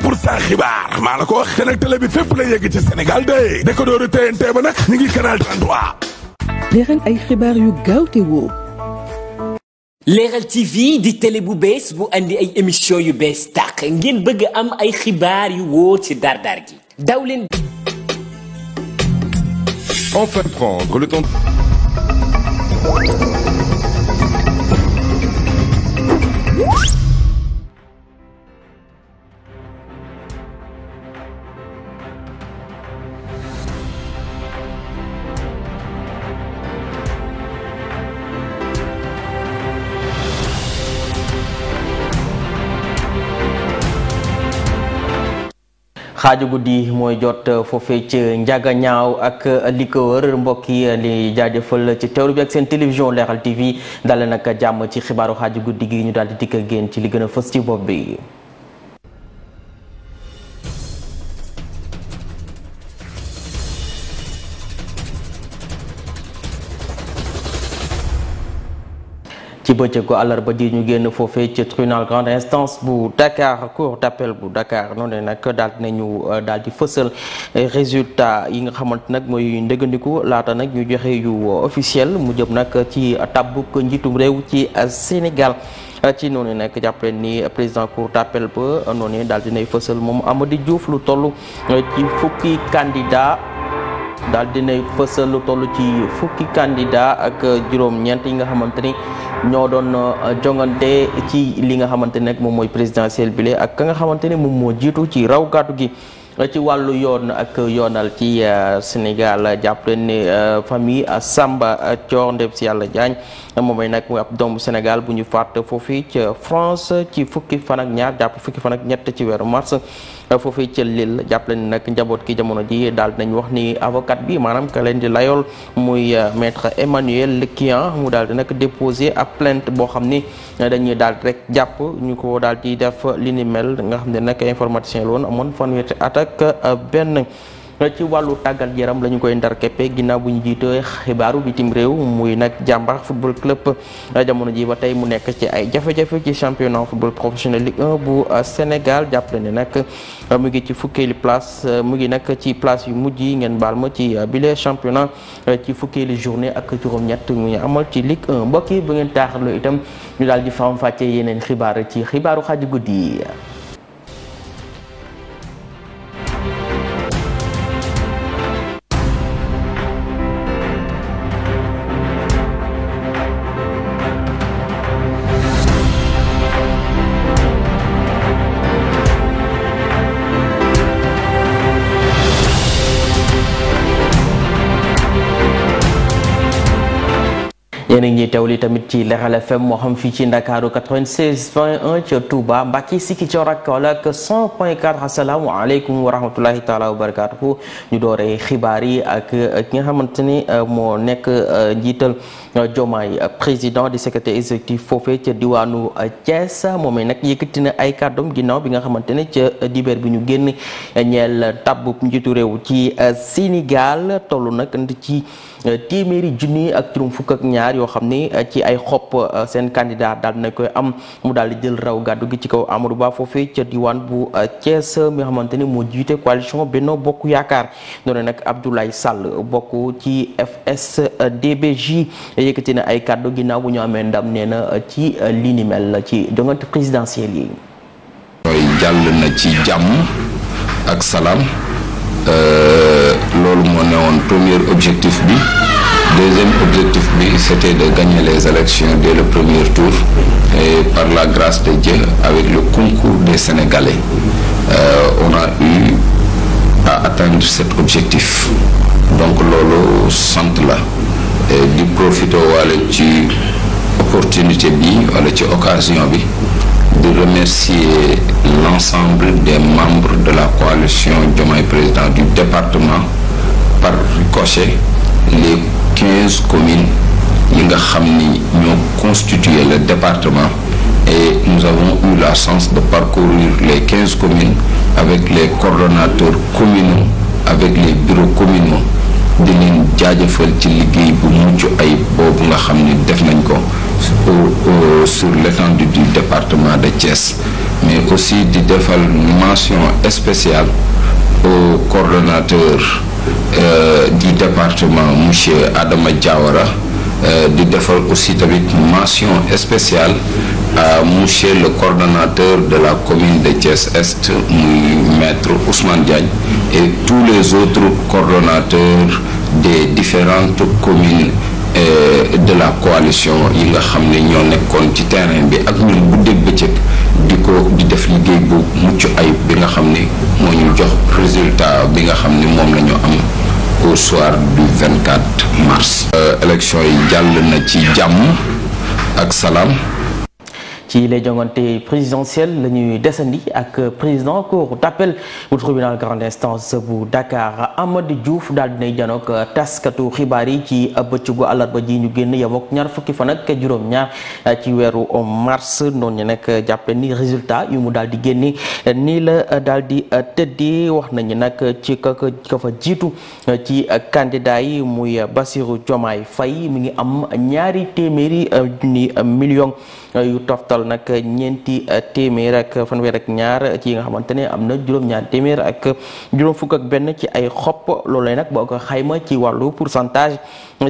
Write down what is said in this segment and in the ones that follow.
pour cent xibaar maa la ko wax te nag télé bi fépp la yegg Sénégal de décodeur TNT ba nag ñu ngi canal 33. leen ay xibaar yu gaaw TV di télé bu bees bu andi ay émission yu bees tàq ngin bëgg am ay xibaar yu wóor ci dardar gi daw leen. Enfin prendre le temps. xaaju guddi mooy jot uh, foofee ci njaga ñaaw ak uh, li ko wër mbokk yi uh, li jaajëfal ci teewlu bi ak seen télévision Leral TV dale nag jàmm ci xibaaru xaaju guddi gi ñu daal di dikk ak yéen ci li gën a fës ci bopp bi. ci bëccëg ko àllarba ji ñu génn foofee ci tribunal grande instance bu Dakar cour d'appel bu dakaar noonu nag daal dinañu euh, daal di fësal résultat yi nga xamante nag mooy ndëggandiku laata nag ñu joxe yu officiel mu jëm nag ci tabbuk njiitum réew ci Sénégal ci noonu nekk jàppale ni président cour d'appel ba noonu daal dinay fësal moom Amady Diouf lu toll ci fukki candidat daal dinay fësal toll ci fukki candidat ak juróom-ñeent yi nga xamante ni ñoo doon euh, jongante ci li nga xamante ne moom mooy présidentiel bile ak ka nga xamante ne moom moo jiitu ci raw gàddu gi euh, ci wàllu yoon ak yoonal ci euh, Sénégal jàpp leen ni famille Samba Thior ndem si yàlla Diagne moomay nag muy ab doomu Sénégal bu ñu fàtt foofu ci France ci fukki fan ak ñaar jàpp fukki fan ak ñett ci weeru mars. foofee ca Lille jàppale ni nag njaboot gi jamono ji daal dinañ wax ni avocat bi maanaam ka leen di layool muy euh, maître Emmanuel Lequian mu daal di nag déposé a plainte boo xam ni dañuy daal rek jàpp ñu ko daal di def li ni mel nga xam ne nag informaticien la woon amoon fanweeri at ak euh, benn. Eh, ci wàllu tàggat yaram la ñu koy ndar keppe ginnaaw bu ñu jiitee xibaaru bitim réew muy nag jàmbaar football club eh, jamono ji ba tey mu nekk ci ay jafe-jafe ci championnat football professionnel Ligue 1 bu eh, Sénégal jàppale ne nag mu ngi ci fukkeeli place mu ngi nag ci place yu mujj yi ngeen baal ma ci bile championnat ci fukkeeli journée ak juróom-ñett mu ñu amal ci Ligue 1 mbokk yi bu ngeen taaxarloo itam ñu daal di faram fàccee yeneen xibaar ci xibaaru xaaju guddi yéen a ngi ñuy tamit ci Leral FM moo xam fii ci Ndakaaru 96 point 1 ca Touba Mbacke Sikicoor ak Kaolack 100 point 4 asalaamualeykum wa rahmatulahi taala wa barakaatuhu ñu dooree xibaar yi ak ki nga xamante ni euh, moo nekk euh, njiital. Diomaye président di secrétaire exécutif foofee ca diwaanu Thiès moom nag yëkkati na ay kàddoom ginnaaw bi nga xamante ne ca dibeer bi ñu génn ñeel tabb njiitu réew ci euh, Sénégal tollu nag ci euh, téeméeri junni ak juróom fukk ak ñaar yoo xam ni euh, ci ay xob seen candidat daal dina koy am mu daal di jël raw gàddu gi ci kaw Amadou Ba foofee ca diwaan bu Thiès mi nga xamante ne moo jiite coalition Benno Bokk Yaakaar noonu nag Abdoulaye Sall bokk ci FSDBJ yëkkati na ay kàddu ginnaaw bu ñu amee ndam nee na euh, ci euh, li ni ci dongante présidentielle yi. mooy jàll na ci jàmm ak salaam euh, loolu moo newoon premier objectif bi deuxième objectif bi c'était de gagner les élections dès le premier tour et par la grâce de Dieu avec le concours des Sénégalais euh, on a eu à atteindre cet objectif donc loolu sant la. Eh, di profité wala ci opportunité bi wala ci occasion bi di remercier l'ensemble de membres de la coalition Diomaye Président du département par ricochet les quinze communes yi nga xam ni ñoo constitué le département et nous avons eu la chance de parcourir les quinze communes avec les coordonnateurs communaux avec les bureaux communaux di leen jaajëfal ci liggéey bu mucc ayib boobu nga xam ni def nañ ko sur l'étendue du département de Thiès mais aussi di defal mention spéciale au coordonnateur euh, du département monsieur Adama Diawara Euh, di defal aussi tamit mention spéciale a monsieur le coordonnateur de la commune de Thiès Est muy maître Ousmane Diagne et tous les autres coordonnateurs des différentes communes euh, de la coalition yi nga xam ne ñoo nekkoon ci terrain bi ak ñun guddeeg bëccëg di ko di def liggéey bu mucc ayib bi nga xam ni moo ñu jox résultat bi nga xam ni moom la ñu am au soir du 24 mars. Euh, élection yi jàll na ci jàmm ak salaam. ci les jongante présidentielles la ñuy desandi ak président cour d'appel bu tribunal grande bu Dakar Amady Diouf daal dinay janoog taskatu xibaar yi ci bëccëgu àllarba ji ñu génn yem ak ñaar fukki fan ak juróom-ñaar ci weeru mars noonu ñu nag jàppe ni résultat yu mu daal di génne nii la daal di tëddee wax nañu nag ci ka jiitu ci candidat yi muy Bassirou Diomaye fay mi ngi am ñaari téeméeri million yu toftal nag ñeenti eh, téeméer ak fanweer ak ñaar ci yi nga xamante ne am na juróom-ñaar téeméer ak juróom fukk ak benn ci ay xob loolee nag boo ko xayma ci wàllu pourcentage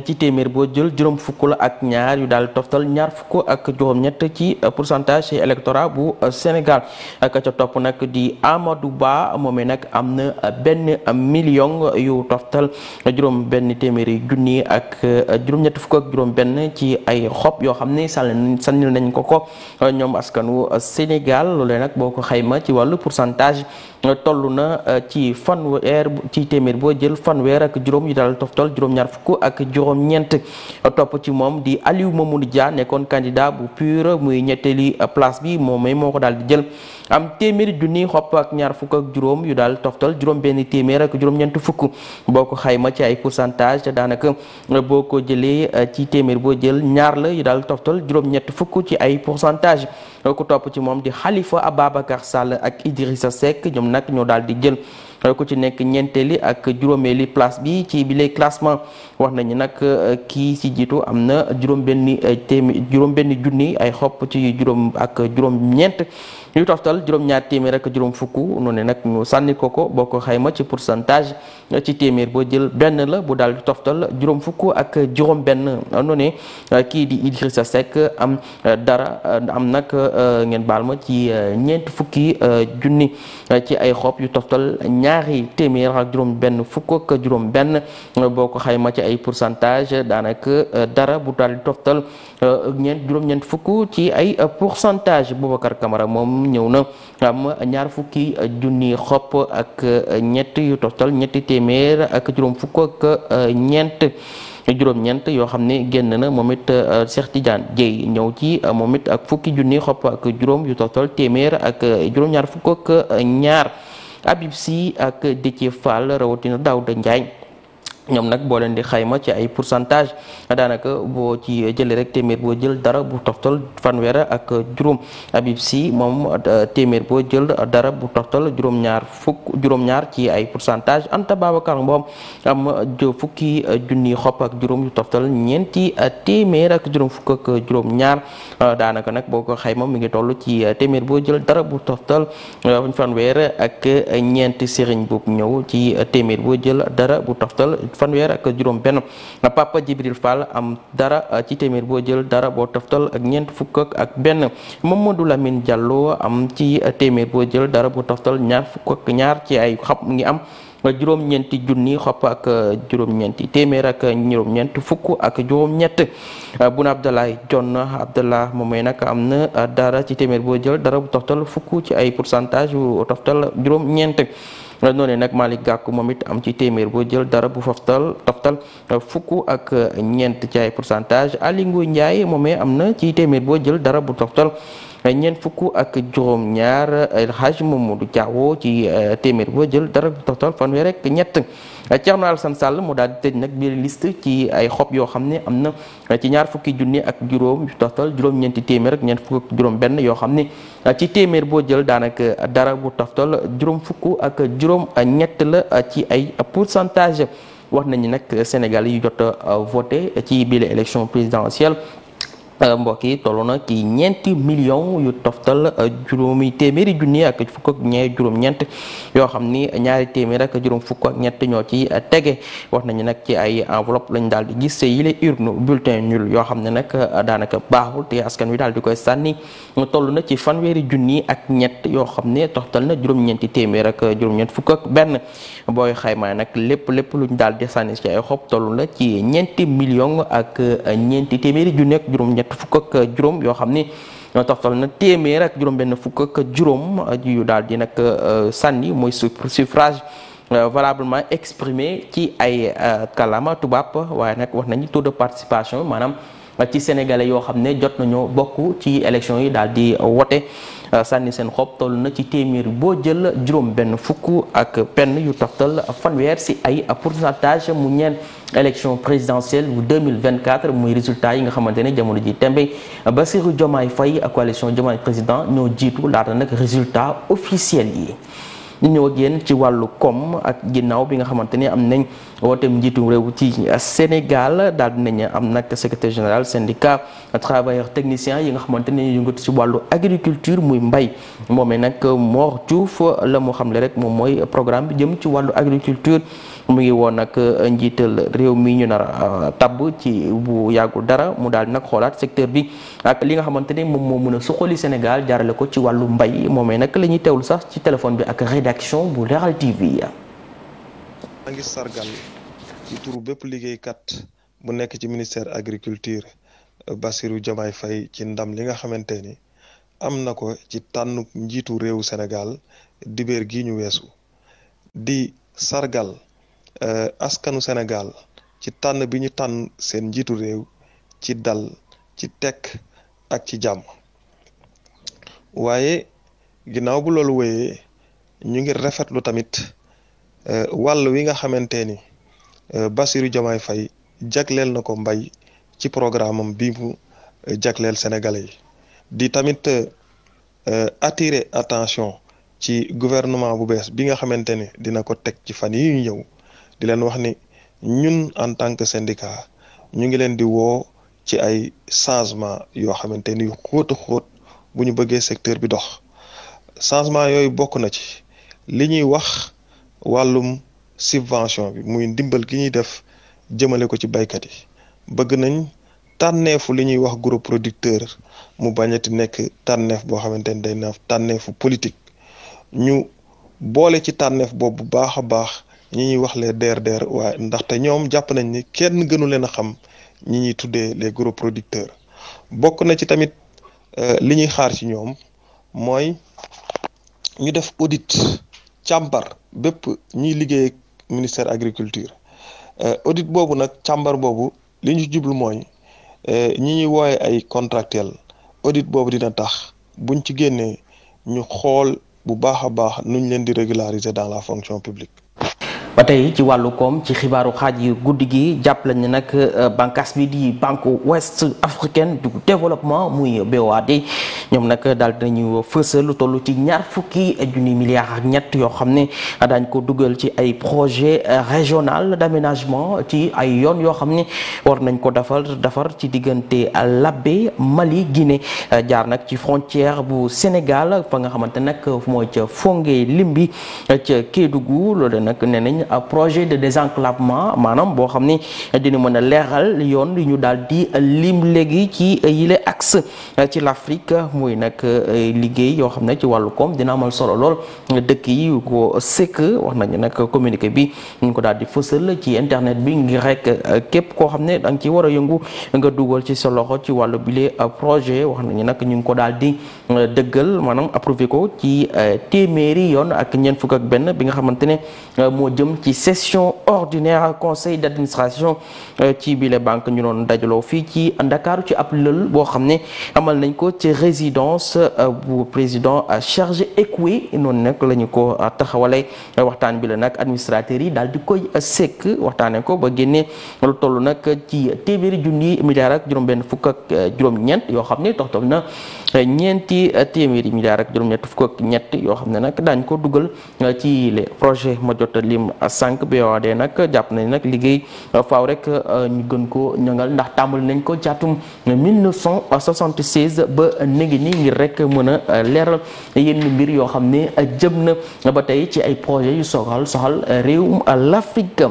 ci téeméer boo jël juróom fukk la ak ñaar yu daal toftal ñaar fukk ak juróom-ñett ci pourcentage ci électorat bu Sénégal ka ca topp nag di amadu Ba moomee nag am na benn million yu toftal juróom benn téeméeri junni ak juróom-ñett fukk ak juróom-benn ci ay xob yoo xam ne sànni sànnil nañ ko ko ñoom askanu Sénégal loolee nag boo ko xayma ci wàllu pourcentage toll na ci fanweer ci téeméer boo jël fanweer ak juróom yu daal toftal juróom-ñaar fukk ak juróom-ñeent topp ci moom di Aliou Mamadou Dia nekkoon candidat bu PUR muy ñetteeli place bi moom moo ko daal di jël am téeméeri junni xob ak ñaar fukk ak juróom yu daal toftal juróom benn téeméer ak juróom-ñeent fukk boo ko xayma ci ay pourcentage te daanaka boo ko jëlee eh, ci téeméer boo jël ñaar la yu daal toftal juróom-ñett fukk ci ay pourcentage ku topp ci moom di Khalifa Ababacar Sall ak Idrissa Seck ñoom nag ñoo daal di jël ku ci nekk ñeenteeli ak juróomeeli place bi ci bile classement wax nañu nag euh, kii si jiitu am na juróom-benni euh, téeméer juróom-benni junni ay xob ci juróom ak juróom-ñeent. yu toftal juróom-ñaar téeméer ak juróom fukk noonu nag ñu sànni ko ko boo ko xayma ci pourcentage. ci téeméer boo jël benn la bu daal di toftal juróom fukk ak juróom benn noonu ne kii di am dara am nag euh, ngeen baal ma ci euh, ñeent fukki euh, junni ci ay xob yu toftal ñaari téeméer ak juróom benn fukk ak juróom benn boo ko xayma ci ay pourcentage daanaka dara bu dal toftal ñeent juróom-ñeent fukk ci ay pourcentage Boubacar Camara moom ñëw na am ñaar fukki junni xob ak ñett yu toftal ñetti téeméer ak juróom fukk ak euh, ñeent juróom-ñeent yoo xam ne génn na moom it euh, Cheikh Tidiane Dieye ñëw ci euh, moom it ak fukki junni xopp ak juróom yu toftal téeméer ak juróom-ñaar fukk ak ñaar Abib Sy ak Déthié Fall rawatina Daouda Ndiaye ñoom nag boo leen di xayma ci ay pourcentage daanaka boo ci jëlee rek téeméer boo jël dara bu toftal fanweer ak juróom Habib Sy moom euh, téeméer boo jël dara bu toftal juróom-ñaar fukk juróom-ñaar ci ay pourcentage Anta Babacar Ngom am fukki euh, junni xob ak juróom yu toftal ñeenti euh, téeméer ak juróom fukk ak ñaar daanaka nag boo ko xayma mu ngi toll ci téeméer boo jël dara bu toftal fanweer ak ñeenti Serigne Boub ñëw ci téeméer boo jël dara bu toftal fanweer ak juróom benn Papa Djibril Fall am dara uh, ci téeméer boo jël dara boo toftal ak ñeent fukk ak benn Mamadou Lamine Diallo am ci uh, téeméer boo jël dara boo toftal ñaar fukk ñaar ci ay xam ngi am uh, juróom-ñeenti junni xopp ak juróom-ñeenti téeméer ak juróom-ñeent fukk ak juróom-ñett Boun Abdallah Dionne Abdallah moomee nag am na dara ci téeméer boo jël dara bu toftal fukk ci ay pourcentage bu toftal juróom-ñeent noonu nag Malick Gakou moom it am ci téeméer boo jël dara bu foftal toftal uh, fukk ak uh, ñeent ci ay pourcentage Aly Ngouille Ndiaye moomee am na ci téeméer boo jël dara bu toftal ñeent fukk ak juróom ñaar moom Hadj Mamadou Diawo ci euh, téeméer boo jël dara toftal fanweer rek ñett Thierno Alassane Sall mu daal di tëj nag biir list ci ay xob yoo xam ne am na ci ñaar fukki junni ak juróom toftal juróom-ñeenti téeméer ak ñeent fukk ak juróom benn yoo xam ne ci téeméer boo jël daanaka dara bu toftal juróom fukk ak juróom a ñett la ci ay pourcentage wax nañu nag Sénégal yu jot voté ci biir élection présidentielle mbokk yi toll na ci ñeenti million yu toftal euh, juróomi téeméeri junni ak fukk ak ñee juróom-ñeent yoo xam ni ñaari téeméer juróom fukk ak ñett ñoo ci tege wax nañu nag ci ay enveloppe lañ daal di gis yile urne bulletin nul yoo xam ne nag euh, daanaka baaxul te askan wi daal di koy sànni toll na ci fanweeri junni ak ñett yoo xam ne toftal na juróom-ñeenti téeméer ak euh, juróom-ñeent fukk ak benn booy xaymaa nag lépp lépp luñ daal di sànni ci ay xob toll na ci ñeenti millions ak ñeenti téeméeri junni ak juróom ñett juróom yoo xam ni toftal na téeméer ak juróom benn fukk juróom yu daal di nag euh, sànni mooy suffrage euh, valablement exprimé ci ay euh, kàllaama tubaab waaye nag wax nañu taux de participation maanaam ci sénégalais yoo xam ne jot nañoo bokk ci élection yi daal di wote Euh, sànni seen xob toll na ci téeméer boo jël juróom benn fukk ak penn yu toftal fanweer si ay pourcentage mu ñeen élection présidentielle bu 2024 muy résultat yi nga xamante ne jamono ji tembe Bassirou Diomaye Faye a coalition Diomaye président ñoo jiitu laata nag résultat officiel yi ñu ñëw a génn ci wàllu koom ak ginnaaw bi nga xamante ni am nañ wooteem njiitum réew ci Sénégal daal dinañ am nag secrétaire général syndicat travailleurs techniciens yi nga xamante ni yëngatu ci wàllu agriculture muy mbay moomee nag Mor Diouf la moo xam le rek moom mooy programme bi jëm ci wàllu agriculture mu ngi woon nag euh, njiital réew mi ñu nar a euh, tabb ci bu yàggul dara mu daal nag xoolaat secteur bi ak li nga xamante ne moom moo mën a suqali Sénégal jaarale ko ci wàllu mbay moomee nag la ñuy teewlu sax ci téléphone bi ak rédaction bu Leral TV. maa ngi bépp liggéeykat bu nekk ci ministère agriculture euh, Bassirou Diomaye Faye ci ndam li nga xamante ni am na ko ci tànn njiitu réewu Sénégal dibéer gi ñu weesu di sargal. Euh, askanu Sénégal ci tànn bi ñu tànn seen njiitu réew ci dal ci tekk ak ci jàmm waaye ginnaaw bu loolu wéyee ñu ngi rafetlu tamit euh, wàll wi nga xamante ni euh, Bassirou Diomaye Faye jagleel na ko mbay ci programme am bi mu jagleel sénégalais di tamit attirer attention ci gouvernement bu bees bi nga xamante ni dina ko teg ci fan yi ñu ñëw di leen wax ni ñun en tant que syndicat ñu ngi leen di woo ci ay changement yoo xamante ni xóot xóot bu ñu bëggee secteur bi dox changement yooyu bokk na ci li ñuy wax wàllum subvention bi muy ndimbal gi ñuy def jëmale ko ci baykat yi bëgg nañ tànneefu li ñuy wax groupe producteur mu bañati nekk tànneef boo xamante ni day naaf tànneefu politique ñu boole ci tànneef boobu bu baax baax ñi ñuy wax les DRDR waaye ndaxte ñoom jàpp nañ ni kenn gënu leen a xam ñi ñuy tuddee les gros producteurs bokk na ci tamit euh, li ñuy xaar ci ñoom mooy ñu def audit càmbar bépp ñuy liggéey ak ministère agriculture euh, audit boobu nag càmbar boobu li ñu jublu mooy euh, ñi ñuy wooye ay contractuel audit boobu dina tax buñ ci génnee ñu xool bu baax a baax nuñ leen di régulariser dans la fonction publique ba tey ci wàllu koom ci xibaaru xaaj yi guddi gi jàpp lañ ne nag euh, bànkaas bi di banque west africaine du développement muy BOAD ñoom nag daal dinañu fësal lu toll ci ñaar fukki junni milliards ak ñett yoo xam ne daañ ko dugal ci ay projet euh, régional d'aménagement ci ay yoon yoo xam ne war nañ ko defar defar ci diggante Labé Mali Guinée euh, jaar nag ci frontière bu Sénégal fa nga xamante nag mooy ca Fongé Limbi ca Kédougou loolu nag nee nañ nañ euh, projet de désenclavement maanaam boo xam ne dina mën a leexal yoon yu ñu daal di lim léegi ci yile axe euh, ci l'Afrique mooy nag euh, liggéey yoo xam ne ci wàllu koom dina amal solo lool dëkk yi ko sëkk wax nañu nag communiqué bi ñu ko daal di fësal ci internet bi ngir rek képp koo xam ne da nga ci war a yëngu nga dugal ci sa loxo ci wàllu bile projet wax nañu nag ñu ngi ko daal di dëggal maanaam approuvé ko ci téeméeri yoon ak ñeent fukk benn bi nga xamante ne moo jëm ci session ordinaire conseil d'administration euh, ci bile banque ñu doon dajaloo fii ci Ndakaaru ci ab lël boo xam ne amal nañ ko ci résidence euh, bu président chargé euh, écoué noonu nag lañu ñu ko taxawale waxtaan bi la nag administrateurs yi daal di koy sekk waxtaanee ko ba génnee lu toll nag ci téeméeri junni milliards ak juróom-benn fukk ñeent yoo xam ne toxtal na ñeenti téeméeri milliards ak juróom-ñett fukk ak ñett yoo xam ne nag daañ ko dugal ci projet ma jot lim sànq BOAD nag jàpp nañ nag liggéey euh, faaw rek euh, ñu gën ko ñangal ndax tàmbali nañ ko mil jàttum 1976 ba néegi nii ngir rek mën a euh, leeral yenn mbir yoo xam ne jëm na ba tey ci ay projet yu soxal soxal réewum l'Afrique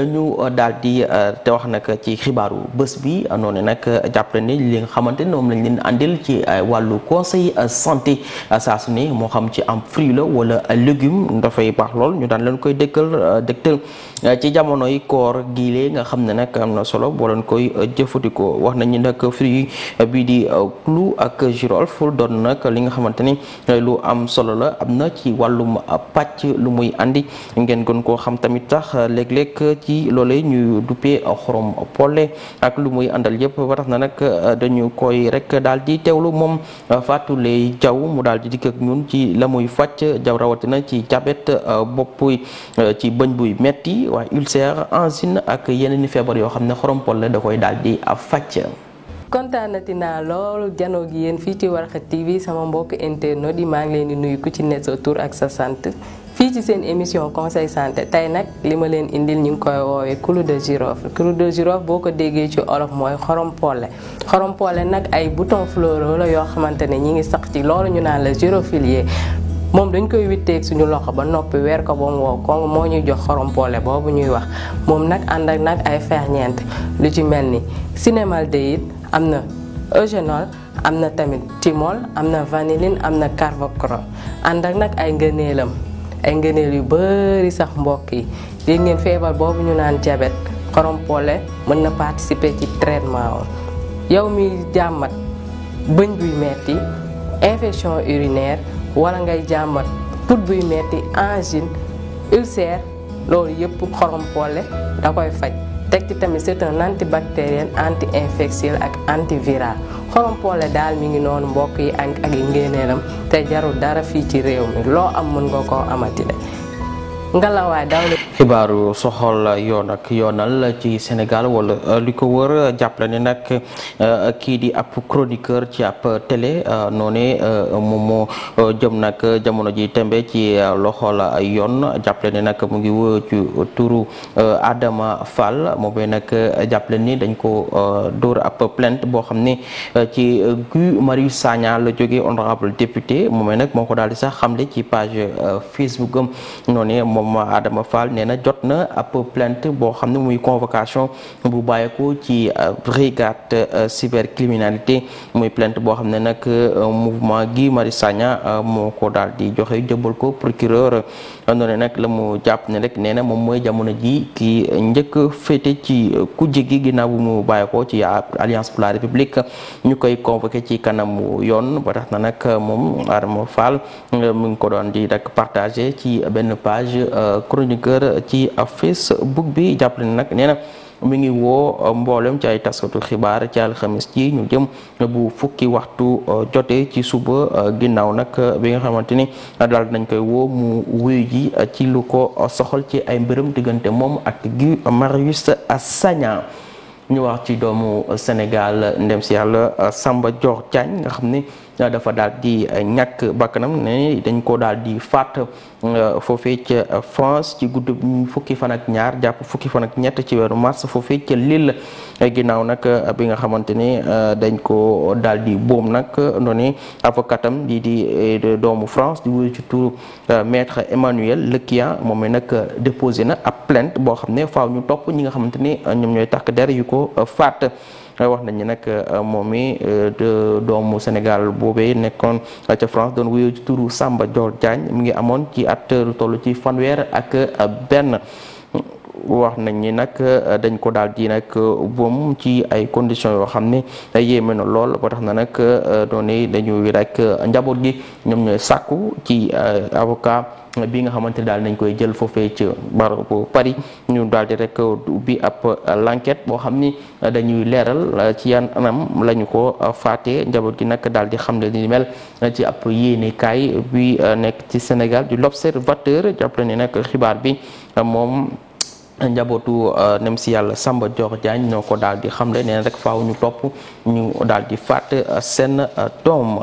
ñu daal di euh, te wax nag ci xibaaru bés bi noonu nag jàppale ne li nga xamante ne moom lañ leen andil ci euh, wàllu conseil euh, santé saa su moo xam ci am fruit la wala légume dafay baax lool ñu daan leen koy dëkkal dëkkal ci jamonoy koor giile nga xam ne nag am na solo boo leen koy jëfandikoo wax nañu nag fruit bii di clou ak girofle doon nag li nga xamante ni lu am solo la am na ci wàllum pàcc lu muy andi ngeen gën koo xam tamit tax léeg-léeg ci loolee ñu duppee xorom pole ak lu muy àndal yëpp ba na nag euh, dañu koy rek daal di teewlu moom euh, Fatou jaw mu daal di dikk ak ñun ci la muy fàcc jaw rawatina ci diabète euh, bopp ci bëñ buy metti waaye ulcère angine ak yeneen i feebar yoo xam ne xorom pole da koy daal di fàcc kontaanati naa loolu janoo gi yéen fii ci war Warkha TV sama mbokk internet yi maa ngi leen di ku ci nekk sa tur ak sa sant fii ci seen émission conseil santé tey nag li ma leen indil ñu ngi koy woowee clou de girofle clou de girofle boo ko déggee ci olof mooy xorompole xorompole nag ay boutons floraux la yoo xamante ne ñi ngi sax ci loolu ñu naan la girofilier moom dañ koy witteeg suñu loxo ba noppi weer ko ba wow kon moo ñuy jox xorompole boobu ñuy wax moom nag ànd ak nag ay ferñeent lu ci mel ni cinémaldéhyde am na eugénol am na tamit thymol am na vanilline am na carvacrol ànd ak nag ay ngëneelam ay ngëneel yu bëri sax mbokk yi dégg ngeen feebar boobu ñu naan jabet xorompole mën na participer ci traitement om yow mi jàmmat bëñ buy metti infection urinaire wala ngay jàmbat put buy metti angine ulcère loolu yëpp xorompole da koy faj teg ci tamit c'est un antibactérien anti-infectieux ak antiviral xolompoole daal mi ngi noonu mbokk yi ak ak yi ngéeneelam te jarul dara fii ci réew mi loo am mën nga koo amati de ngalawaay daw xibaaru soxol yoon ak yoonal ci Sénégal wala euh, li ko wër euh, jàppale ne nag euh, kii di ab chroniqueur ci ab télé noone moom moo jëm nag jamono ji tembe ci loxol yoon jàppale ne nag mu ngi wër ci turu Adama Fall moomee nag jàppale ni dañ ko dóor ab plainte boo xam ne ci Guy Marius Sagna la jógee honorable député moomee nag moo ko daal di sax xamle ci page Facebook noone moom Adama Fall nee na jot na ab plainte boo xam ne muy convocation bu bàyyeeko ci euh, brigade euh, cybercriminalité muy plainte boo xam ne nag euh, mouvement Guy Marius Sagna moo ko daal di joxe jobal ko procureur andoona nag la mu jàpp ne rek nee na moom mooy jamono ji ki njëkk féete ci kujje gi ginnaaw bu mu bàyyi ko ci alliance pour la république ñu koy convoqué ci kanamu yoon ba tax na nag moom Adama Fall euh, mu ngi ko doon di rek partagé ci benn page euh, chroniqueur ci Facebook bi jàpp ne nag nee na mi ngi woo uh, mboolem ci ay taskatu xibaar ci alxamis ci ñu jëm bu fukki waxtu uh, jotee ci suba uh, ginnaaw nag bi nga xamante ni daal nañ koy woo mu wuyu ji ci lu ko soxal ci ay mbiram diggante moom ak gi Guy Marius Sagna ñu wax ci doomu Sénégal ndem si yàlla Samba Dior Diagne nga xam ni dafa daal di eh, ñàkk bakkanam ne dañ ko daal di faat eh, foofee ca France ci gudd fukki fan ak ñaar jàpp fukki fan ak ñett ci weeru mars foofee ca Lille eh, ginnaaw nag bi nga xamante ne dañ ko dal di boom nag noonu avocatam di di doomu France di wuyu ci turu maître Emmanuel Lequian moom mi nag déposé na ab plainte boo xam ne faaw ñu topp ñi nga xamante ni ñoom ñooy takk der yu ko faat wax nañ ni nag euh, moom mi euh, doomu Sénégal boobee nekkoon euh, ca France doon wuyoo ci turu Samba Dior Diagne mu ngi amoon ci acteur lu toll ci fanweer ak benn. wax nañ ni nag dañ ko daal di nag boom ci ay conditions yoo xam ne yéeme na lool ba tax na nag doone dañuy rek njaboot gi ñoom ñooy sàkku ci avocat. bii nga xamante ne daal nañ koy jël foofee ci bar Paris ñu daal di rek ubbi ab l'enquête boo xam ni dañuy leeral ci yan anam lañu ko faatee njaboot gi nag daal di xam ne ni mel ci app yéenekaay bi nekk ci Sénégal du l'Observateur jàppale ne nag xibaar bi moom njabootu euh, nem si yàlla Samba Dior Diagne ñoo ko daal di xamle nee rek faaw ñu topp ñu daal di faat seen doom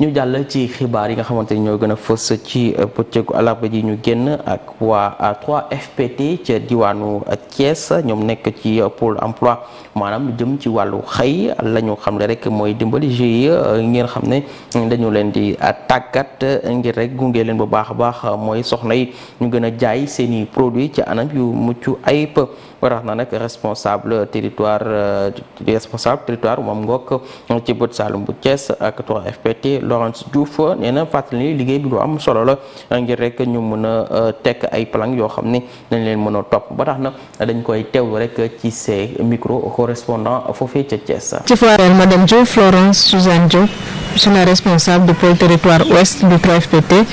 ñu jàll ci xibaar yi nga xamante ni ñoo gën a fës ci euh, bëccëgu alarba ji ñu génn ak waa 3FPT ca diwaanu euh, Thiès ñoom nekk ci euh, pôle emploi maanaam lu jëm ci wàllu xëy la ñu xam ne rek mooy dimbali GIE ngeen xam ne dañu leen di tàggat ngir rek gunge leen bu baax a baax mooy soxna yi ñu gën a jaay seen i produit ci anam yu mucc ayib. ba tax na nag responsable territoire euh, moom ngokk ci bët Saloum bu Thiès ak 3FPT Laurence Diouf nee na fàttali liggéey bi lu am solo la ngir rek ñu mën a euh, tekk ay plan yoo xam ne dañ leen mën a topp ba tax na dañ koy teewlu rek ci ces micro correspondant foofee ca Thiès. ci foireel madame Diouf Laurence Suzanne Diouf c'est la responsable du pôle territoire ouest du 3FPT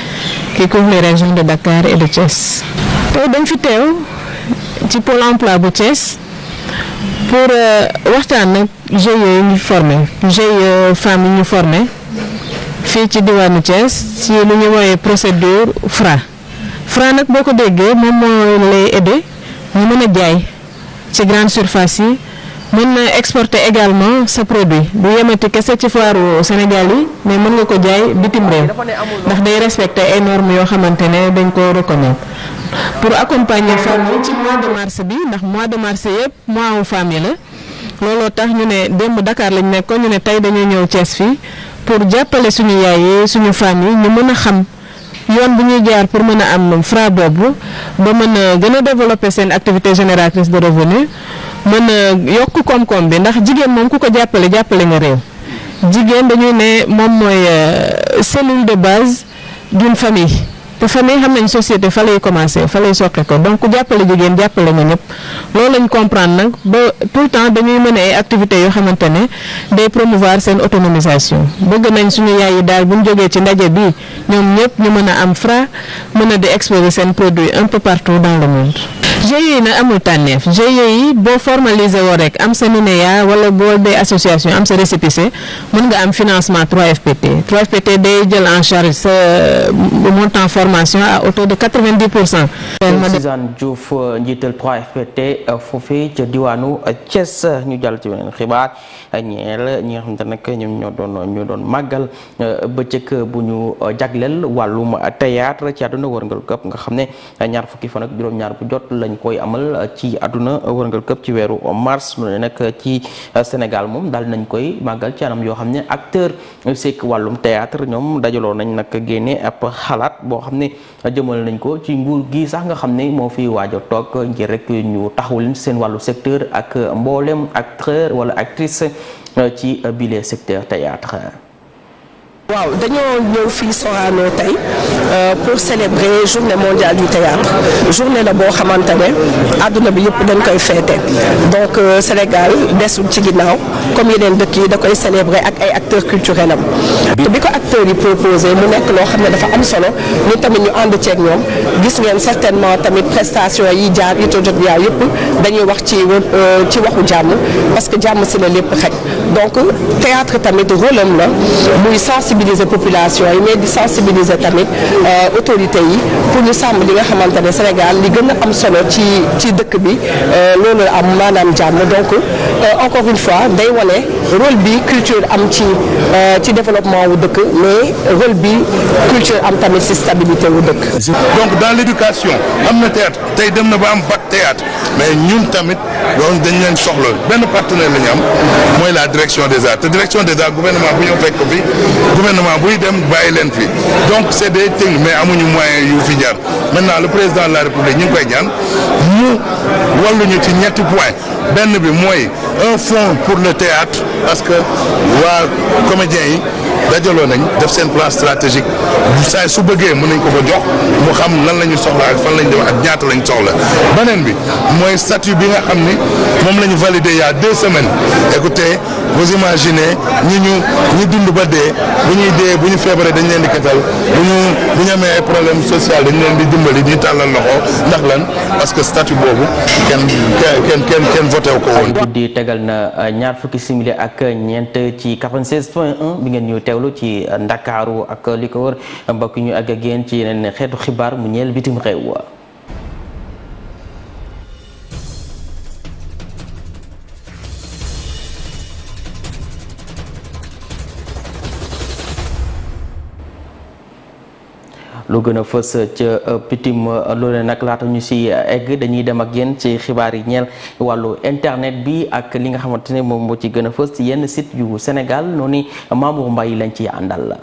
qui couvre les régions de Dakar et de Thiès. tey dañ fi teew. ci pôle emploi bu Thiès pour euh, waxtaan nag GIE yi ñu formé GIE femmes yi ñu formé fii ci diwaanu Thiès ci lu ñu woowee procédure Fra Fra nag boo ko déggee moom moo lay aidé mu mën a jaay ci grande surface yi mën na exporter également sa produit bu yemati kese ci foire Sénégal yi mais mën nga ko jaay bitim réew ndax day respecté ay normes yoo xamante ne dañ ko reconnaître pour accompagner femmes yi ci mois de mars bi ndax mois de mars yëpp mois wu femme la looloo tax ñu ne démb Dakar lañ nekkoon ñu ne tey dañuy ñëw Thiès fii pour jàppale suñu yaay suñu femme yi ñu mën a xam yoon bu ñuy jaar pour mën a am Fra boobu ba mën a gën a développer seen activité génératrice de revenu mën a yokk koom-koom bi ndax jigéen moom ku ko jàppale jàppale nga réew jigéen dañuy ne moom mooy euh, cellule de base d'une famille. te famille xam nañ société fa lay commencé fa lay soqe ko donc ku jàppale jigéen jàppale nga ñëpp loolu lañ comprendre nag ba tout le temps dañuy mën ay activités yoo xamante ne day promouvoir seen autonomisation bëgg nañ suñu yaay yi daal bu ñu jógee ci ndaje bi ñoom ñëpp ñu mën a am fra mën a di exposer seen produit un peu partout dans le monde GIE yi na amul tànneef GIE yi boo formalisé woo rek am sa NINEA wala boo dee association am sa récépissé mën nga am financement 3FPT 3FPT day jël en charge sa euh, montant formation à hauteur de 90 pour cent. Euh, Suzanne Diouf euh, njiital 3FPT foofee ca diwaanu Thiès ñu jàll ci beneen xibaar ñeel ñi nga xamante ne ñoom ñoo doon ñoo doon màggal bëccëg bu ñu jagleel wàllu wàllum théâtre ci àdduna wërngal këpp nga xam ne ñaar fukki fan ak juróom-ñaar bu jot lañ ngi koy amal ci àdduna wërngal këpp ci weeru mars mu ne nag ci Sénégal moom daal nañ koy màggal ci yoo xam ne acteur sekk wàllum théâtre ñoom dajaloo nañ nag génne ab xalaat boo xam ne jëmal nañ ko ci nguur gi sax nga xam ne moo fi waaj a toog ngir rek ñu taxaw seen wàllu secteur ak mboolem acteur wala actrice ci bile secteur théâtre waaw dañoo ñëw fii Sorano tey euh, pour célébrer journée mondiale du théâtre journée la boo xamante ne àdduna bi yëpp dañ koy féete donc euh, Sénégal desul ci ginnaaw comme yeneen dëkk yi da koy célébrer ak ay acteur culturels am te bi ko acteurs yi proposé mu nekk loo xam ne dafa am solo ñu tamit ñu ànd ceeg ñoom gis ngeen certainement tamit prestation yi jaar yi to jot yaa yëpp dañuy wax ci euh, ci waxu jàmm parce que jàmm si la lépp xaj donc théâtre tamit rôle am la muy sensibiliser population yi mais di sensibiliser tamit euh, autorités yi pour ñu sàmm li nga xamante ne Sénégal li gën am solo ci ci dëkk bi euh, loolu am maanaam jàmm donc euh, encore une fois day wane rôle bi culture am ci ci développement wu dëkk mais rôle bi culture am tamit ci stabilité wu dëkk. donc dans l'éducation am na théâtre tey na ba am théâtre mais ñun tamit loolu dañ leen soxla benn partenaire la ñu am mooy la direction des arts te direction des arts gouvernement bu ñëw fekk ko fi gouvernement buy dem bàyyi leen fi donc c'est des techniques mais amuñu moyen yu fi jaar maintenant le président de la république ñu ngi koy ñaan mu walluñu ci ñetti point benn bi mooy un fonds pour le théâtre parce que waa comédiens yi dajaloo nañ def seen plan stratégique saa su bëggee mun nañ ko ko jox mu xam lan la ñu soxla ak fan lañ dem ak ñaata lañ soxla beneen bi mooy statut bi nga xam ni moom la ñu validé il y a deux semaines écoutez vous imaginez ñu ñu ñi dund ba dee bu ñuy dee bu ñu feebaree dañ leen di ketal bu ñu amee ay problème social dañ leen di dimbali ñuy tàllal loxo ndax lan parce que statut boobu kenn kenn kenn kenn voté ko woon. guddi tegal na euh, ñaar fukki simili ak ñeent ci 96 point 1 bi teewlu ci ndakaaru ak li ko wër mbokk ñu ak génn ci yeneen xeetu xibaar mu ñeel bitim réew lu gën a fës ca pitim euh, euh, loole nag laata ñu si euh, egg dañuy dem ak yenn ci xibaar yi ñeel wàllu internet bi ak li nga xamante ne moom moo ci gën a fës ci yenn sit yu Sénégal noonu Mamour Mbaye lañ ci àndal la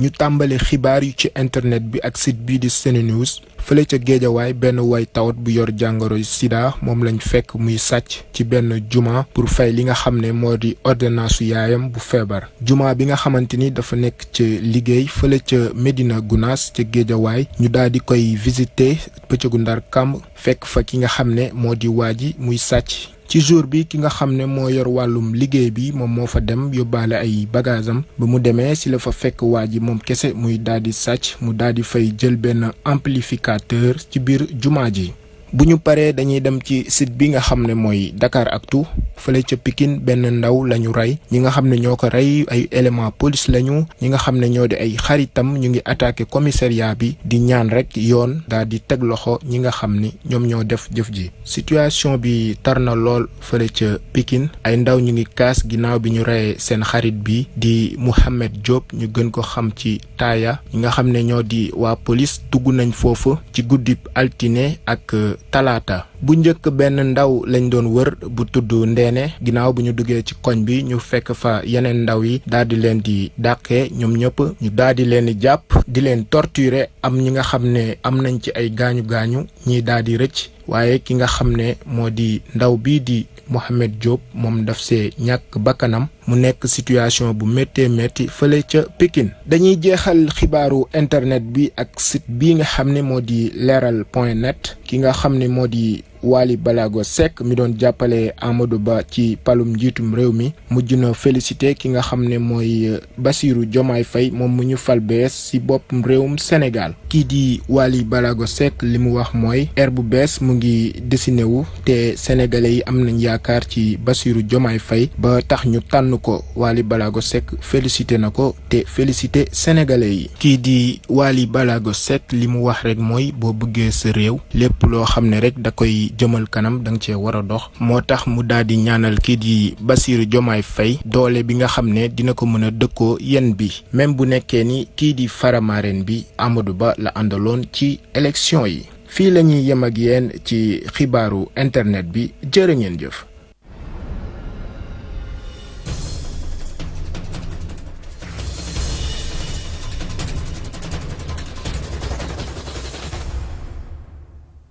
ñu tàmbali xibaar yu ci internet bi ak site bii di Senenews fële ca géejawaay benn way tawat bu yor jàngoro sida moom lañ fekk muy sàcc ci benn juma pour fay li nga xam ne moo di ordonnance su yaayam bu feebar juma bi nga xamante ni dafa nekk ca liggéey fële ca Medina Gunaas ca géejawaay ñu daal di koy visiter pëccëgu ndar kàmb fekk fa ki nga xam ne moo di waa ji muy sàcc ci jour bi ki nga xam ne moo yor wàllum liggéey bi moom moo fa dem yóbbaale ay bagaasam ba mu demee ci la fa fekk waa ji moom kese muy daal di sàcc mu daal di fay jël benn amplificateur ci biir jumaa ji bu ñu paree dañuy dem ci site bi nga xam ne mooy dakaar Dakaractu fële ca pikin benn ndaw la ñu rey ñi nga xam ne ñoo ko rey ay élément police lañu ñi nga xam ne ñoo di ay xaritam ñu ngi attaqué commissariat bi di ñaan rek yoon daal di teg loxo ñi nga xam ni ñoom ñoo def jëf ji situation bi tar na lool fële ca Pikine ay ndaw ñu ngi kaas ginnaaw bi ñu reyee seen xarit bi di Mouhamed Diop ñu gën ko xam ci Taaya ñi nga xam ne ñoo di waa police dugg nañ foofu ci guddi altine ak talaata bu njëkk benn ndaw lañ doon wër bu tudd ndeen ne ginnaaw bu ñu duggee ci koñ bi ñu fekk fa yeneen ndaw yi daal di leen di dàqee ñoom ñëpp ñu daal di leen di jàpp di leen torturer am ñi nga xam ne am nañ ci ay gaañu gaañu ñii daal di rëcc waaye ki nga xam ne moo di ndaw bii di Mohamed Diop moom daf see ñàkk bakkanam mu nekk situation bu méttee métti fële ca pikin dañuy jeexal xibaaru internet bi ak sit bi nga xam ne moo di leeral point net ki nga xam ne moo di Wally Balago Seck mi doon jàppale Amadou Ba ci palum njiitum réew mi mujj na félicité ki nga xam ne mooy euh, Bassirou Diomaye Faye moom mu ñu fal bees ci boppum réewum Sénégal kii di Wally Balago Seck li mu wax mooy air er bu bees mu ngi dessiné wu te sénégalais yi am nañ yaakaar ci Bassirou Diomaye Faye ba tax ñu tànn tànn ko Waly Balago Seck félicité na ko te félicité sénégalais yi kii di Waly Balago Seck li mu wax rek mooy boo bëggee sa réew lépp loo xam ne rek da koy jëmal kanam da nga cee war a dox moo tax mu daal di ñaanal kii di Bassirou Diomaye Faye doole bi nga xam ne dina ko mën a dëkkoo yenn bi même bu nekkee ni kii di faramaren bi Amadou Ba la àndaloon ci élection yi fii lañuy ñuy yem ak yéen ci xibaaru internet bi jërë ngeen jëf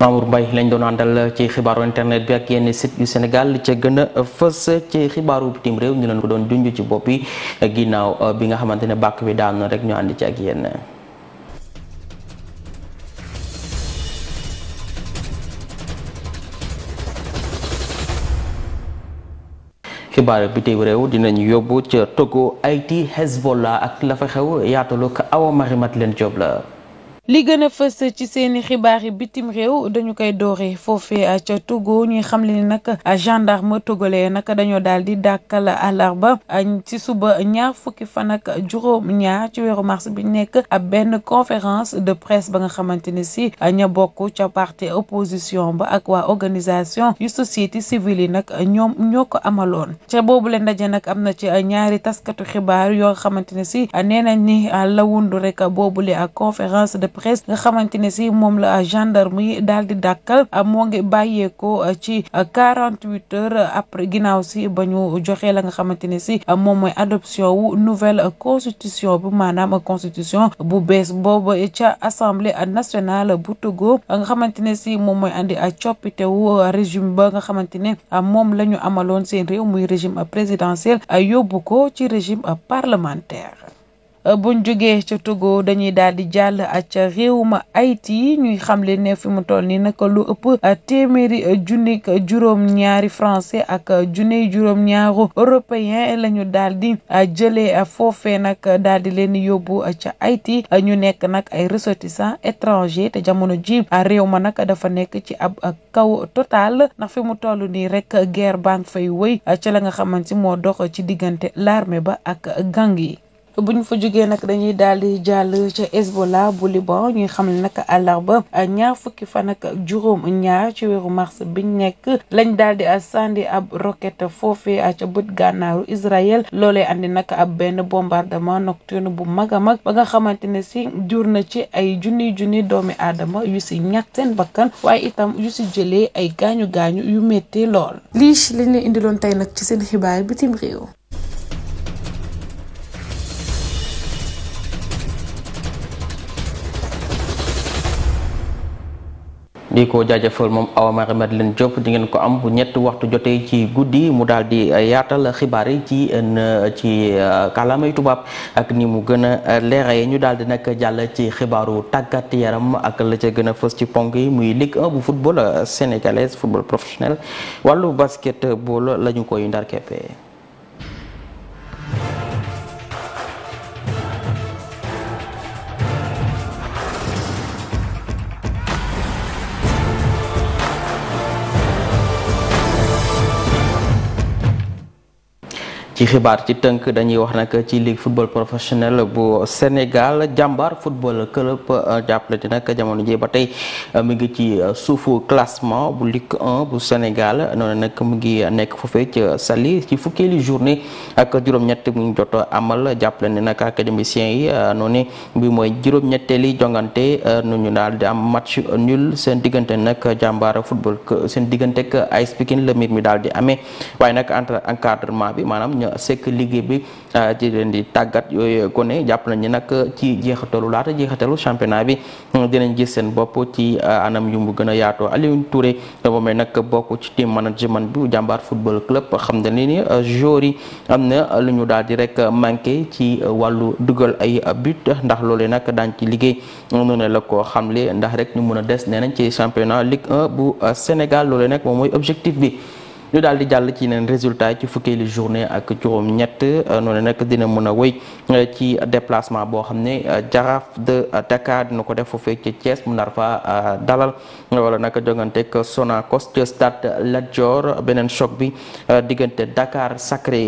Mamour mbay lañ doon àndal ci xibaaru internet bi ak yenn site yu Sénégal ca gën a fës ci xibaaru bitim réew ñu leen ko doon junj ci bopp yi ginnaaw bi nga xamante ne bàkk bi daanu rek ñu ànd ci ak yenn. xibaaru bi tey réew dinañu yóbbu ca Togo Haïti Hezbollah ak lafa xew yaatalu ak Awa mat leen Diop la. li gën a fës ci seen i xibaar yi bitim réew dañu koy doore foofee ah, ca Togo ñuy xam le ni nag ah, gendarme togolais nag dañoo daal di dàkkal àllarba ah, ci suba ñaar fukki fan ak juróom-ñaar ci weeru mars bi nekk ab benn conférence de presse ba nga xamante ni si ña bokk ca parti opposition ba ak waa organisation yu société civile yi nag ñoom ñoo ko amaloon ca boobu leen ndaje nag am na ci ñaari taskatu xibaar yoo xamante ne si nee nañ ni lawundu rek boobule ak conférence de presse nga xamante ne si moom la gendarme yi daal di dàkkal moo ngi bàyyeekoo ci quarante huit heures après ginnaaw si ba ñu joxe la nga xamante ne si moom mooy adoption wu nouvelle constitution bi maanaam constitution bu bees boobu ca assemblée nationale bu Togo nga xamante ne si moom mooy andi coppite wu régime ba nga xamante ne moom la ñu amaloon seen réew muy régime présidentiel yóbbu ko ci régime parlementaire. bu euh, buñ jógee ca Togo dañuy daal di jàll ak ca réew ma Haïti ñuy xamle ne fi mu toll nii naka lu ëpp téeméeri junni juróom-ñaari français ak junni juróom-ñaaru européen la ñu daal di jëlee foofee nag daal di leen yóbbu ca Haïti ñu nekk nag ay ressortissants étrangers te jamono ji réew ma nag dafa nekk ci ab kaw total ndax fi mu toll nii rek guerre fay wéy ca la nga xamante moo dox ci diggante l'armée ba ak gang yi. bu ñu fa jógee nag dañuy daal di jàll ca Hezbollah bu Liban ñuy xam ne nag àllarba ñaar fukki fan ak juróom ñaar ci weeru mars biñ nekk lañ daal di sànni ab roquette foofee ca bët gànnaaru Israël loolee andi nag ab benn bombardement nocturne bu mag a mag ba nga xamante ne si jur na ci ay junni junni doomi aadama yu si ñàkk seen bakkan waaye itam yu si jëlee ay gaañu gaañu yu métti lool. lii li ñu indiloon tey nag ci seen xibaar bitim réew. di ko jaajëfal moom Awa Marie leen Diop di ngeen ko am bu ñett waxtu jotee ci guddi mu daal di yaatal xibaar yi ci ci euh, kàllaamay tubaab ak ni mu gën a leeree ñu daal di nag jàll ci xibaaru tàggat yaram ak la ca gën a fës ci ponk yi muy Ligue 1 bu football euh, sénégalaise football professionnel wàllu basketball la ñu koy ndarkeppee ci xibaar ci tënk dañuy wax nag ci ligue football professionnel bu Sénégal jàmbaar football club euh, jàppale di nag jamono ji ba tey euh, mu ngi ci euh, suufu classement bu Ligue 1 bu Sénégal noonu nag mu ngi nekk foofee ci sali ci fukkeeli journée ak juróom-ñett mu ngi jot amal jàppale ne nag académiciens yi noone bi mooy juróom-ñetteeli jongante nu ñu daal di am match nul seen diggante nag jàmbaar football seen diggante ak AS Pikine la mbir mi daal di amee sekk liggéey bi ci ah, leen di tàggat yooyu gone jàpp nañ nag ci jeexatalu laata jeexatalu championnat bi mm, dinañ gis seen bopp ci ah, anam yu mu gën a yaatoo Alioune Touré moomee nag bokk ci team management bi jàmbaar football club xam ne ni joueurs yi am na lu ñu daal di rek manqué ci wàllu dugal ay but ndax loolee nag daañ ci liggéey noonu la ko xamle ndax rek ñu mun a des nee nañ ci championnat Ligue bu Sénégal loolee nag mooy objectif bi ñu daal di jàll ci neen résultat ci fukkeelu journée ak juróom-ñett euh, noonu nag dina mën a wéy euh, ci déplacement boo xam ne euh, jaraaf de Dakar dina ko def foofee ci Thiès mu nar fa dalal wala nag jonganteeg Sonacos ci stade Lat beneen choc bi diggante Dakar Sacré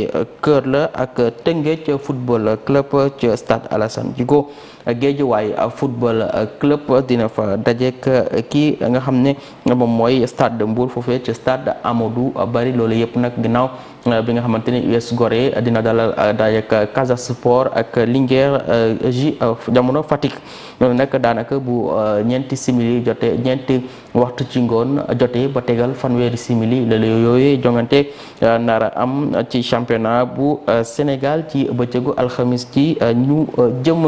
Cœur la ak Tëngéej football club ci stade Alassane Djigo Géejuwaay football club dina fa dajeek eh, kii nga xam ne moom mooy stade de Mbour foofee ci stade Amadou bari loolu yëpp nag ginnaaw eh, bi nga xamante ni US Gorée dina dalal eh, dajeek Casa Sport ak Linguère ji jamono Fatick. loolu nag daanaka bu euh, ñeenti simili jote ñeenti waxtu ci ngoon jotee ba tegal fanweeri simili la yooyu jongante euh, nara am ci championnat bu euh, Sénégal ci bëccëgu alxamis ci ñu jëmm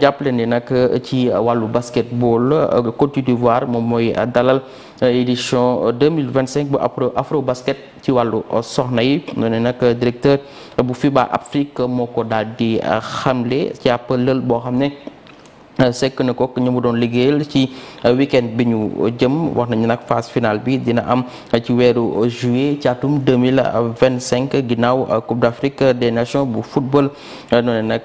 jàppale ni nag ci wàllu basketball Côte d'Ivoire moom mooy dalal édition 2025 bu afro afro basket ci wàllu soxna yi no ne nag directeur bu fibaa Afrique moo ko daal di xamle ci àpp lël boo xam ne sekk na kook ñu mu doon liggéeyal ci week-end bi ñu jëm wax nañu nag phase finale bi dina am ci weeru juillet ci atum 2025 ginnaaw Coupe d'Afrique des Nations bu football noonu nag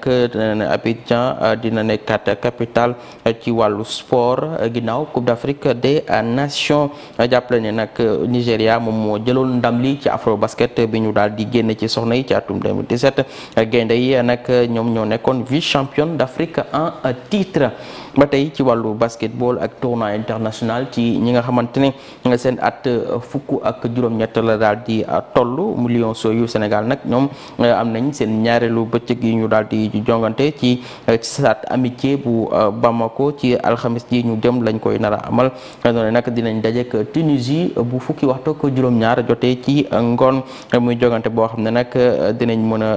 Abidjan dina ne nekkaat capitale ci wàllu sport ginnaaw Coupe d'Afrique des Nations jàppale ne nag Nigéria moom moo jëloon ndam li ci Afrobasket bi ñu daal di génn ci soxna yi ci atum 2017 gaynde yi nag ñoom ñoo nekkoon vice championne d'Afrique en titre العبادة ba tey ci wàllu basketball ak tournoi international ci ñi nga xamante ne seen at euh, fukk ak juróom-ñett la daal euh, toll million so yu Sénégal nag ñoom euh, am nañ seen ñaareelu bëccëg yi ñu daal di jongante ci stade amitié bu Bamako ci alxamis ji ñu jëm lañ koy nar a amal noonu nag dinañ dajeek Tunisie bu fukki waxtu ak juróom-ñaar jotee ci ngoon muy jongante boo xam ne nag dinañ mën a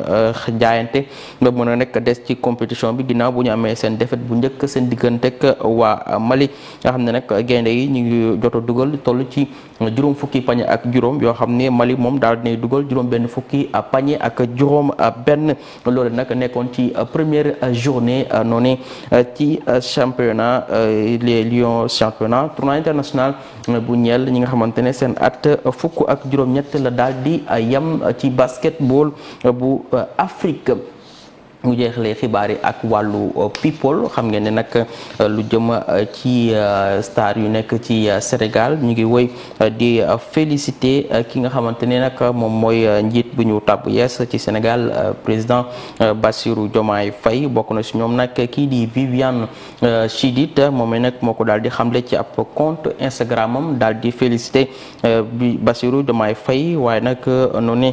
jaayante ba mën a nekk des ci compétition bi ginnaaw bu ñu amee seen défaite bu njëkk seen digg digganteeg uh, waa uh, Mali nga xam ne nag uh, gaynde yi ñu ngi jot a dugal toll ci juróom fukki pañe ak juróom yoo xam ne Mali moom daal dinay dugal juróom benn fukki pañe ak juróom benn loolu nag nekkoon ci première journée noonu ci championnat les lion championnat tournoi international bu ñeel ñi nga xamante ne seen at fukk ak juróom-ñett la daal di yam ci basketball bu Afrique mu jeexlee xibaar yi ak wàllu euh, people xam ngeen ne nag euh, lu jëm euh, ci star yu nekk ci Sénégal ñu ngi woy di féliciter ki nga xamante ne nag moom mooy njiit bu ñu tàbb yes ci Sénégal président Bassirou Diomaye fay bokk na si ñoom nag kii di Viviane Chidid moom nag moo ko daal di xamle ci ab compte Instagram am daal di féliciter bi Bassirou Diomaye Faye waaye nag noonu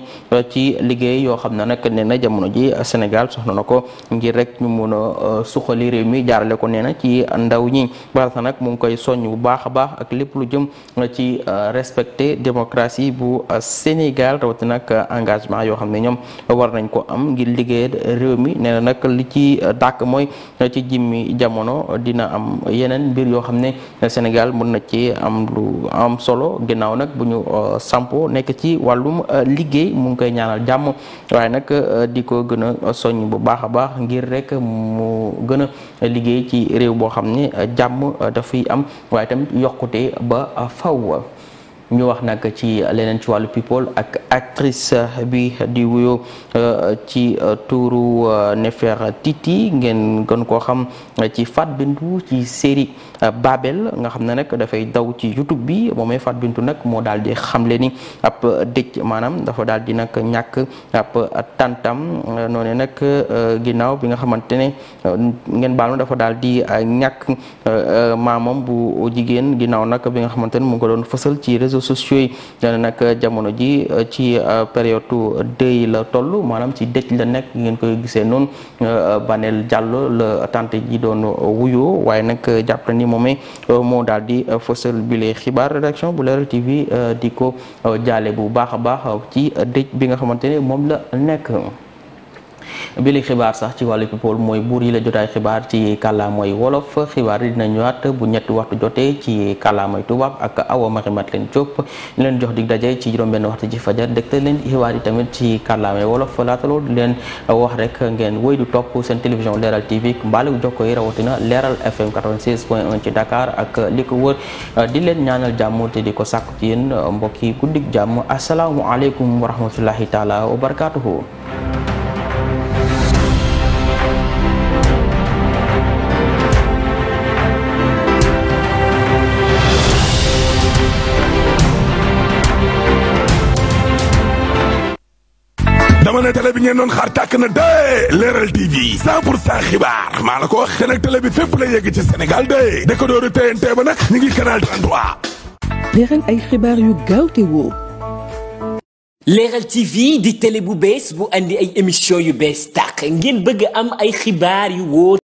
ci liggéey yoo xam ne nag nee jamono ji Sénégal soxna na ko ngir rek ñu mun a euh, suqali réew mi jaarale ko nee na ci ndaw ñi balasa nag mu ngi koy soññ bu baax a baax ak lépp lu jëm euh, ci euh, respecter démocratie bu Sénégal rawatina nag engagement yoo xam ne ñoom war nañ ko am ngir liggéey réew mi nee na nag li ci dàkk mooy ci jimmi jamono dina am yeneen mbir yoo xam ne Sénégal mun na ci am lu am solo ginnaaw nag bu ñu sampo nekk ci wàllum liggéey mu ngi koy ñaanal jàmm waaye nag di ko gën a soññ bu baax a baax ngir rek mu gën a liggéey ci réew boo xam ne jàmm dafay am waaye tamit yokkute ba faw ñu wax nag ci leneen ci wàllu people ak actrice bi di wuyo euh, ci tuuru euh, Nefertiti ngeen gon koo xam ci Fat Bintou ci série Babel nga xam ne nag dafay daw ci YouTube bi moomee Fat Bintou nag moo daal di xamle ni ab dëj maanaam dafa daal di nag ñàkk ab tantam euh, noonu nag ginnaaw bi nga xamante ne ngeen baal ma dafa daal di ñàkk maamam bu jigéen ginnaaw nag bi nga xamante ne mu ko doon fësal ci réseau réseaux sociaux yi nag jamono ji euh, ci euh, période deuil la toll maanaam ci dëj la nekk ngeen koy gisee noonu euh, Banel Diallo la tante ji doon wuyo waaye nag jàpp ni moomee moo daal di fësal bile xibaar rédaction bu Leral TV di ko jaale bu baax a baax ci dëj bi nga xamante ne moom la nekk bi xibaar sax ci wàllu people mooy buur yi la jotaay xibaar ci kàllaamay wolof xibaar yi dina ñëwaat bu ñetti waxtu jotee ci kàllaamay tubaab ak awa marimat leen Diop ñu leen jox dig daje ci juróom benn waxtu ci fajar dégtal leen xibaar yi tamit ci kàllaamay wolof laata loolu di leen wax rek ngeen wey du topp seen télévision Leral TV mbaaleku jokko yi rawatina Leral FM 96.1 ci Dakar ak li ko wër di leen ñaanal jàmm te di ko sàkk ci yéen mbokk yi guddik jàmm asalaamualeykum wa rahmatullahi taala wa barakatuhu ne télé bi ngeen doon xaar tàkk na dee Leral TV 100 pour cent xibaar maa la ko wax te nag télé bi fépp la yegg ci Sénégal dee da ko dooru TNT ba nag ñu ngi ay xibaar yu gaaw te wóor. Leral TV di télé bu bees bu andi ay émission yu bees tàq ngeen bëgg am ay xibaar yu wóor.